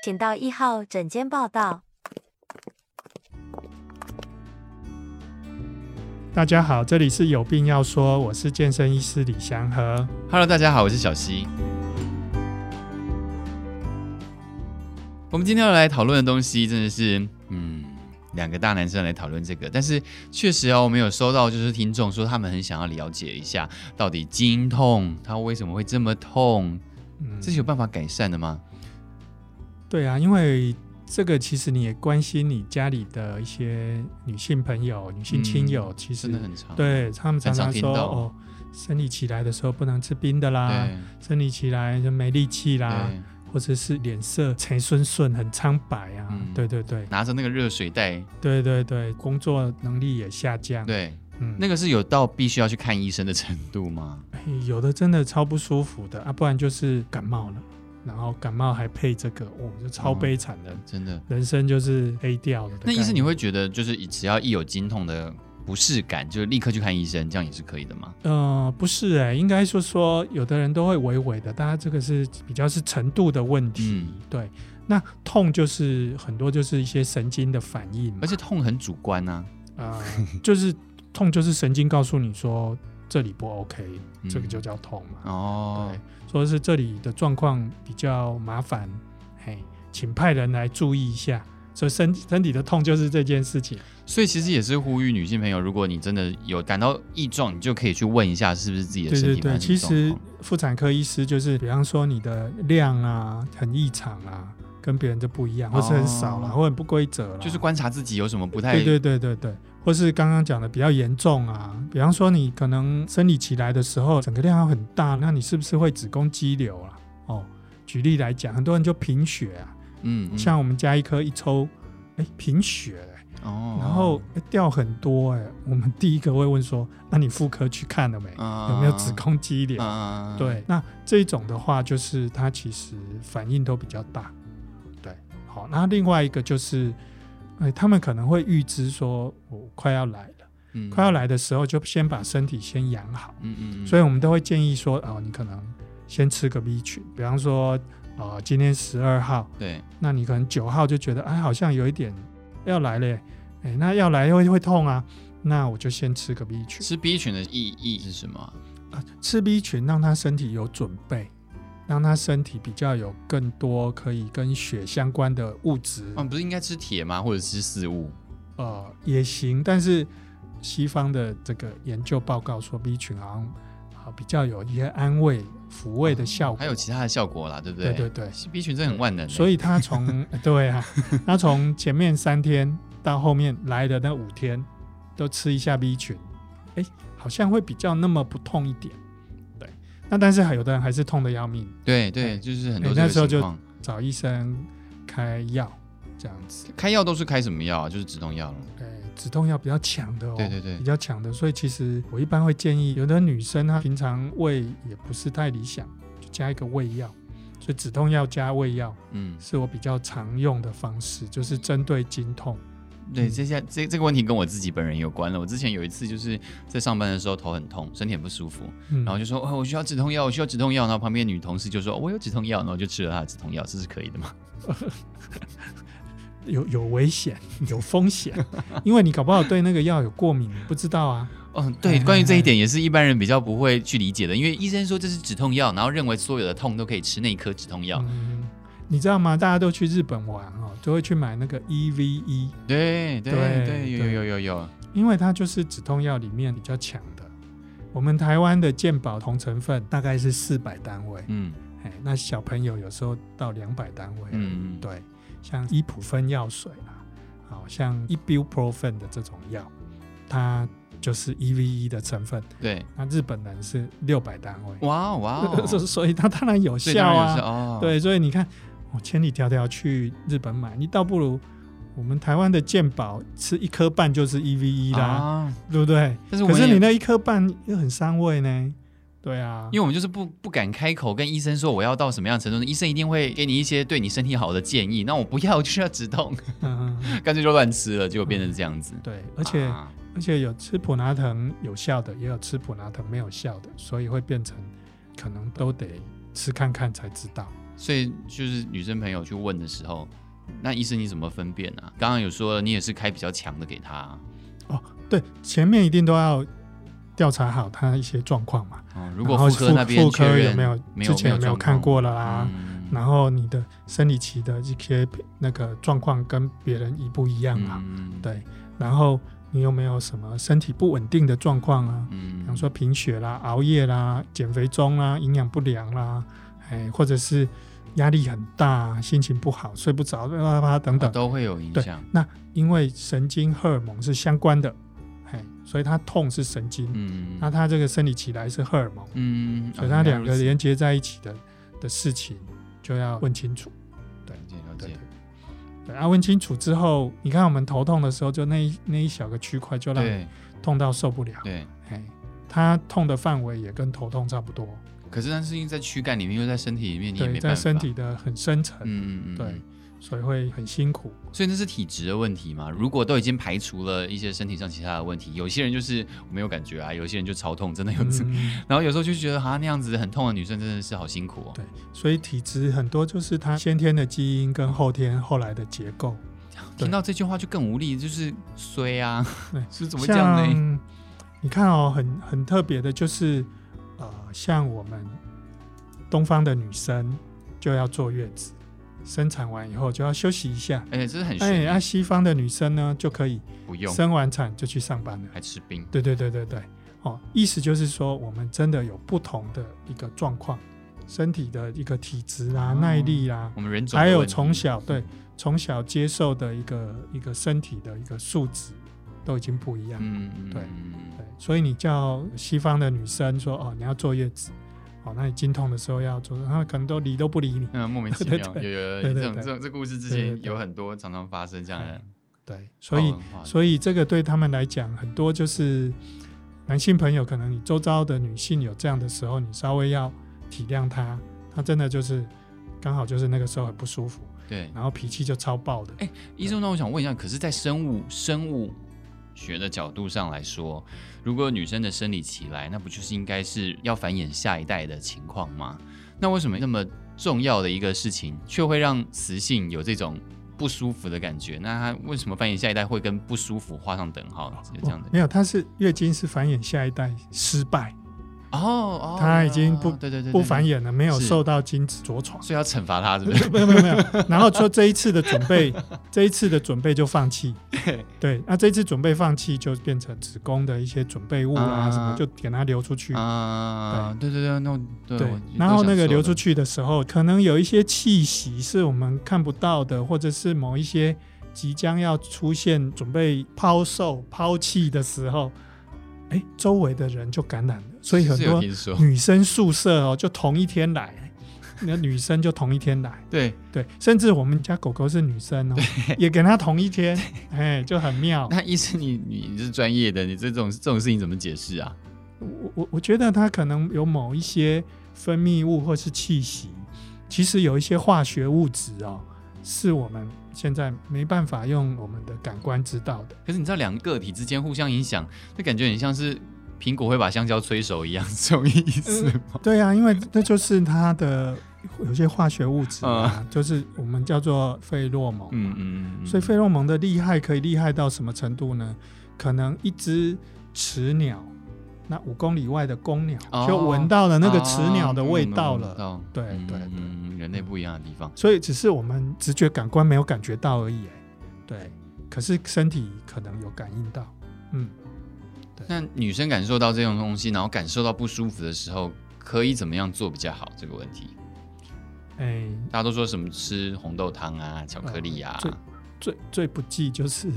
請到一號診間報到。大家好，這裡是有病要說，我是健身醫師李祥和。Hello，大家好，我是小奚。 我們今天要來討論的東西真的是，嗯，兩個大男生來討論這個，但是確實哦，我們有收到就是聽眾說他們很想要了解一下，到底經痛它為什麼會這麼痛，嗯？這是有辦法改善的嗎？對啊，因為這個其實你也關心你家裡的一些女性朋友、女性親友，嗯、其實真的很常對他們常常說：“哦，生理期來的時候不能吃冰的啦，生理期來就沒力氣啦，或者是臉色沉順順很蒼白啊。嗯”對對對，拿着那個熱水袋，對對對，工作能力也下降。對，嗯，那個是有到必須要去看醫生的程度嗎？哎、有的真的超不舒服的啊，不然就是感冒了。然後感冒還配這個，哇、哦，就超悲慘的、哦，真的，人生就是黑掉了。那醫生，你會覺得，就是只要一有經痛的不適感，就立刻去看醫生，這樣也是可以的嗎？呃，不是哎、欸，應該是說說，有的人都會萎萎的，大家這個是比較是程度的問題、嗯。對。那痛就是很多就是一些神經的反應，而且痛很主觀啊，呃，就是痛就是神經告訴你說。這裡不 OK，這個就叫痛嘛。嗯、哦，對，說是這裡的狀況比較麻煩，嘿，請派人來注意一下。所以身體身體的痛就是這件事情。所以其實也是呼籲女性朋友，如果你真的有感到異狀，你就可以去問一下是不是自己的身體。對對對，其實婦產科醫師就是，比方說你的量啊很異常啊，跟別人的不一樣、哦，或是很少了，或者不規則了，就是觀察自己有什麼不太。對對，對對對對。或是剛剛講的比較嚴重啊，比方說你可能生理期來的時候，整個量要很大，那你是不是會子宮肌瘤啊？哦，舉例來講，很多人就貧血啊，嗯，嗯，像我們家醫科一抽，貧、欸、血、欸，哦、然後、欸、掉很多、欸、我們第一個會問說，那你婦科去看了沒？啊、有沒有子宮肌瘤？啊、對，那這種的話，就是它其實反應都比較大，對，對好，那另外一個就是哎，他們可能會預知說我快要來了，快要來的時候就先把身體先養好。嗯嗯，所以我們都會建議說哦，你可能先吃個 B 群，比方說啊，今天十二號，對，那你可能九號就覺得哎，好像有一點要來了。哎，那要來又會痛啊，那我就先吃個 B 群。吃 B 群的意義是什麼？啊，吃 B 群讓他身體有準備。讓他身體比較有更多可以跟血相關的物質，啊。嗯，不是應該吃鐵嗎？或者是食物？呃，也行。但是西方的這個研究報告說，B 群好像比較有一些安慰撫慰的效果，嗯，還有其他的效果啦，對不對？對對對，B 群真的很萬能欸。所以他從對啊， 他從前面三天到後面來的那五天都吃一下 B 群，哎、欸，好像會比較那麼不痛一點。那但是還有的人還是痛得要命，對對、欸，就是很多時、欸、那時候就找醫生開藥這樣子，開藥都是開什麼藥啊？就是止痛藥了。對、欸，止痛藥比較強的哦，對對對，比較強的。所以其實我一般會建議，有的女生她平常胃也不是太理想，就加一個胃藥，所以止痛藥加胃藥，嗯，是我比較常用的方式，嗯、就是針對經痛。對，這下這這個問題跟我自己本人有關了。我之前有一次就是在上班的時候頭很痛，身體很不舒服，嗯，然後就說，哦，我需要止痛藥，我需要止痛藥。然後旁邊女同事就說，哦，我有止痛藥，然後就吃了她的止痛藥。這是可以的嗎？有有危險，有風險， 因為你搞不好對那個藥有過敏，不知道啊。嗯，對，關於這一點也是一般人比較不會去理解的，因為醫生說這是止痛藥，然後認為所有的痛都可以吃那一顆止痛藥。嗯你知道嗎？大家都去日本玩哦，都會去買那個 E V E。對對對，有有有有，因為它就是止痛藥裡面比較強的。我們台灣的健保同成分大概是四百單位，嗯，哎，那小朋友有時候到兩百單位，嗯對。像依普芬藥水啊，好、哦、像 Ibuprofen 的這種藥，它就是 E V E 的成分。對，那、啊、日本人是六百單位。哇、wow, 哇、wow，所以它當然有效啊。對，哦、對所以你看。我千里迢迢去日本買，你倒不如我們台灣的健保吃一顆半就是 EVE 啦、啊，對不對？可是你那一顆半又很傷胃呢。對啊，因為我們就是不不敢開口跟醫生說我要到什麼樣程度，醫生一定會給你一些對你身體好的建議。那我不要，我就要止痛，嗯、 乾脆就亂吃了，就變成這樣子。嗯、對、啊，而且而且有吃普拿疼有效的，也有吃普拿疼沒有效的，所以會變成可能都得吃看看才知道。所以就是女生朋友去問的時候，那醫生你怎麼分辨呢、啊？剛剛有說你也是開比較強的給他、啊、哦，對，前面一定都要調查好他一些狀況嘛、哦。如果婦科婦科那邊有沒有，沒有之前有沒有看過了啦、啊嗯？然後你的生理期的一些那個狀況跟別人一不一樣啊、嗯？對，然後你有沒有什麼身體不穩定的狀況啊？嗯，比方說貧血啦、熬夜啦、減肥中啊、營養不良啦。哎，或者是壓力很大，心情不好，睡不着，啪啪等等，啊，都會有影響。那因為神經荷爾蒙是相關的，所以他痛是神經，嗯嗯嗯，那他這個生理起來是荷爾蒙，嗯嗯嗯，所以他兩個連接在一起的的事情，就要問清楚。對，了解了解對對對對，啊，問清楚之後，你看我們頭痛的時候，就那一那一小個區塊就讓痛到受不了，對，哎，他痛的範圍也跟頭痛差不多。可是但是因為在軀幹裡面，因為在身體裡面，你也沒辦法。在身體的很深層。嗯嗯嗯。對嗯，所以會很辛苦。所以那是體質的問題嘛？如果都已經排除了一些身體上其他的問題，有些人就是沒有感覺啊，有些人就超痛，真的有。嗯、然後有時候就覺得好像那樣子很痛的女生真的是好辛苦，哦。對，所以體質很多就是她先天的基因跟後天後來的結構。聽到這句話就更無力，就是衰啊！ 是怎麼講呢？欸？你看哦，很很特別的就是。像我們東方的女生就要坐月子，生產完以後就要休息一下。哎、欸，這很哎。欸啊、西方的女生呢，就可以不用生完產就去上班了，還吃冰。對對對對對，哦，意思就是說我們真的有不同的一個狀況，身體的一個體質啊、哦、耐力啦、啊，我們人種還有從小對從小接受的一個一個身體的一個素質。都已經不一樣了，嗯嗯對，對，所以你叫西方的女生說哦，你要坐月子，哦，那你經痛的時候要做，那可能都理都不理你，嗯、莫名其妙， 有，有這種這種這故事之前有很多常常發生這樣的，對，對對所以所以這個對他們來講，很多就是男性朋友，可能你周遭的女性有這樣的時候，你稍微要體諒她，她真的就是剛好就是那個時候很不舒服，嗯、對，然後脾氣就超爆的，哎、欸，醫、嗯、生，那我想問一下，可是在生物生物學的角度上來說，如果女生的生理期來，那不就是應該是要繁衍下一代的情況嗎？那為什麼那麼重要的一個事情，卻會讓雌性有這種不舒服的感覺？那她為什麼繁衍下一代會跟不舒服畫上等號？這樣的沒有，它是月經是繁衍下一代失敗。哦，哦，他已經不，對對對對不繁衍了對對對，沒有受到精子着床，所以要懲罰他是是，是 不是？沒有沒有沒有。然後說這一次的準備， 這一次的準備就放棄， 對。那、啊、這一次準備放棄就變成子宮的一些準備物啊什麼，呃、就給它流出去啊、呃。對、呃、對對對，那對，對。然後那個流出去的時候，可能有一些氣息是我們看不到的，或者是某一些即將要出現、準備拋售、拋棄的時候。哎、欸，周圍的人就感染了，所以很多女生宿舍哦、喔，就同一天來，那女生就同一天來，對對，甚至我們家狗狗是女生哦、喔，也跟她同一天，哎、欸，就很妙。那醫生，你你是專業的，你這種這種事情怎麼解釋啊？我我我覺得它可能有某一些分泌物或是氣息，其實有一些化學物質哦、喔。是我們現在沒辦法用我們的感官知道的。可是你知道，兩個個體之間互相影響，就感覺很像是蘋果會把香蕉催熟一樣，這種意思嗎、嗯？對啊，因為那就是它的有些化學物質啊、嗯，就是我們叫做費洛蒙嘛，嗯嗯。嗯。所以費洛蒙的厲害可以厲害到什麼程度呢？可能一只雌鳥，那五公里外的公鳥、哦、就聞到了那個雌鳥的味道了，對、哦、對嗯，嗯，嗯，嗯，嗯，人類不一樣的地方，所以只是我們直覺感官沒有感覺到而已對，對，可是身體可能有感應到，嗯，對。那女生感受到這種東西，然後感受到不舒服的時候，可以怎麼樣做比較好？這個問題，哎、欸，大家都說什麼吃紅豆湯啊，巧克力啊，欸、最最，最不濟就是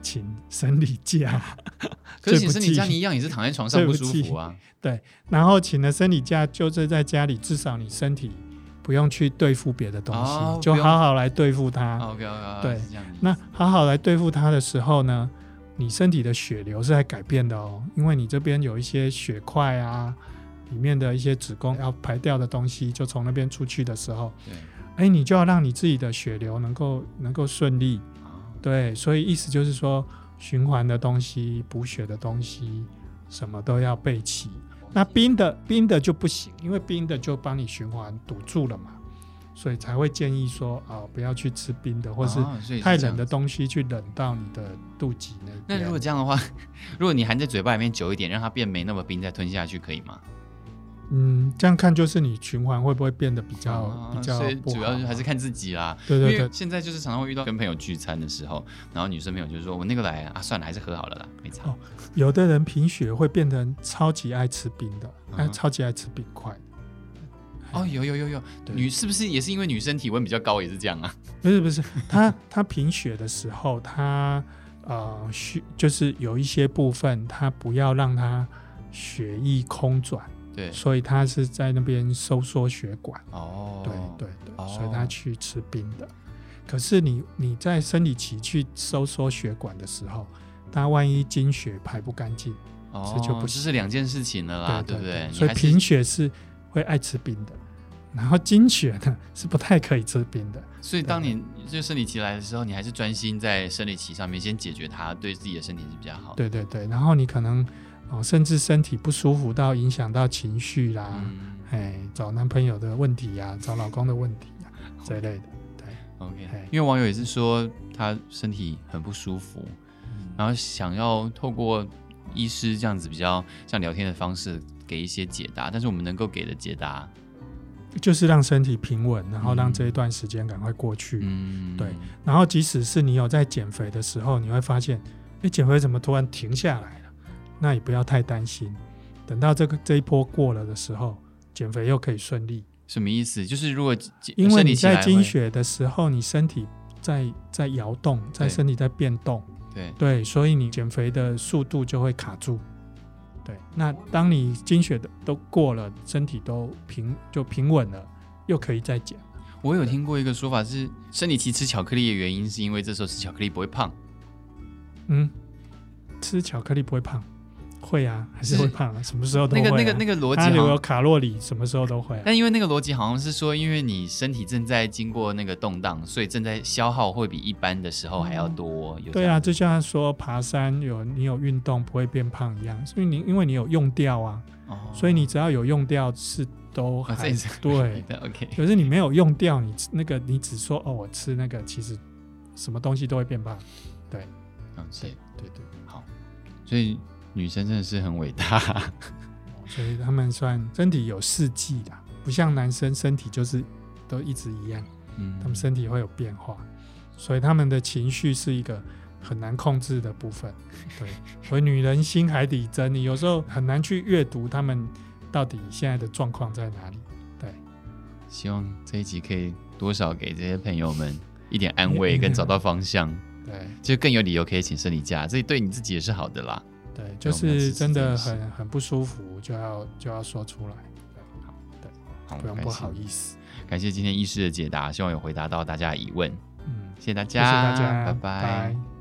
請生理假。 可是，請生理假你一樣也是躺在床上對不起，不舒服啊。對，然後請了生理假，就是在家裡，至少你身體不用去對付別的東西、哦，就好好來對付它、哦。對，那好好來對付它的時候呢，你身體的血流是在改變的哦，因為你這邊有一些血塊啊，裡面的一些子宮要排掉的東西，就從那邊出去的時候，哎、欸，你就要讓你自己的血流能夠能夠順利、哦。對，所以意思就是說。循環的東西、補血的東西，什麼都要備齊。那冰的、冰的就不行，因為冰的就幫你循環堵住了嘛，所以才會建議說啊、哦，不要去吃冰的，或是太冷的東西去冷到你的肚臍那、啊。那如果這樣的話，如果你含在嘴巴裡面久一點，讓它變沒那麼冰，再吞下去可以嗎？嗯，這樣看就是你循環會不會變得比較、嗯、比較好、啊？所以主要還是看自己啦。對對對，對，因為現在就是常常會遇到跟朋友聚餐的時候，然後女生朋友就是說，我那個來啊，算了，還是喝好了啦。沒哦，有的人貧血會變成超級愛吃冰的，嗯啊、超級愛吃冰塊、嗯。哦，有有有有，對女是不是也是因為女生體溫比較高，也是這樣啊？不是不是，她她貧血的時候，她 呃血就是有一些部分，她不要讓她血液空轉。對，所以他是在那邊收縮血管哦，對對對、哦，所以他去吃冰的。可是你你在生理期去收縮血管的時候，他萬一經血排不乾淨，哦，這就不這是兩件事情了啦，對，對，對，對不對？所以貧血是會愛吃冰的，然後經血呢是不太可以吃冰的。所以當你對對就生理期來的時候，你還是專心在生理期上面先解決它，對自己的身體是比較好的。對對對，然後你可能。哦，甚至身體不舒服到影響到情緒啦，哎、嗯，找男朋友的問題呀、啊，找老公的問題啊， 這類的，對，OK。因為網友也是說他身體很不舒服、嗯，然後想要透過醫師這樣子比較像聊天的方式給一些解答，但是我們能夠給的解答就是讓身體平穩，然後讓這一段時間趕快過去。嗯，對。然後即使是你有在減肥的時候，你會發現，哎，減肥怎麼突然停下來？那也不要太擔心，等到這個這一波過了的時候，減肥又可以順利。什麼意思？就是如果因為你在經血的時候，你身體在在搖動，在身體在變動，對對,對，所以你減肥的速度就會卡住。對，那當你經血的都過了，身體都平就平穩了，又可以再減。我有聽過一個說法是，生理期吃巧克力的原因是因為這時候吃巧克力不會胖。嗯，吃巧克力不會胖。會啊，還是會胖，啊是那個，什麼時候都會，啊。那個那個那個邏輯，它有卡路里，什麼時候都會，啊。但因為那個邏輯好像是說，因為你身體正在經過那個動盪，所以正在消耗會比一般的時候還要多，哦嗯。對啊，就像說爬山，有你有運動不會變胖一樣，所以你因為你有用掉啊，哦，所以你只要有用掉是都還是，哦，對， 對的 OK。可，就是你沒有用掉，你那個你只說哦，我吃那個，其實什麼東西都會變胖。對，嗯，哦，對，對對，好，所以。女生真的是很偉大 ，所以她們算身體有四季的，不像男生身體就是都一直一樣，嗯，嗯，他們身體會有變化，所以他們的情緒是一個很難控制的部分，對，所以女人心海底針，你有時候很難去閱讀他們到底現在的狀況在哪裡，對。希望這一集可以多少給這些朋友們一點安慰跟找到方向， 對，就更有理由可以請生理假，這對你自己也是好的啦。對，就是真的很很不舒服，就要就要說出來。對，好，對，嗯，不用不好意思。感謝，感謝今天醫師的解答，希望有回答到大家的疑問。嗯，謝謝大家，謝謝大家，拜拜。拜拜。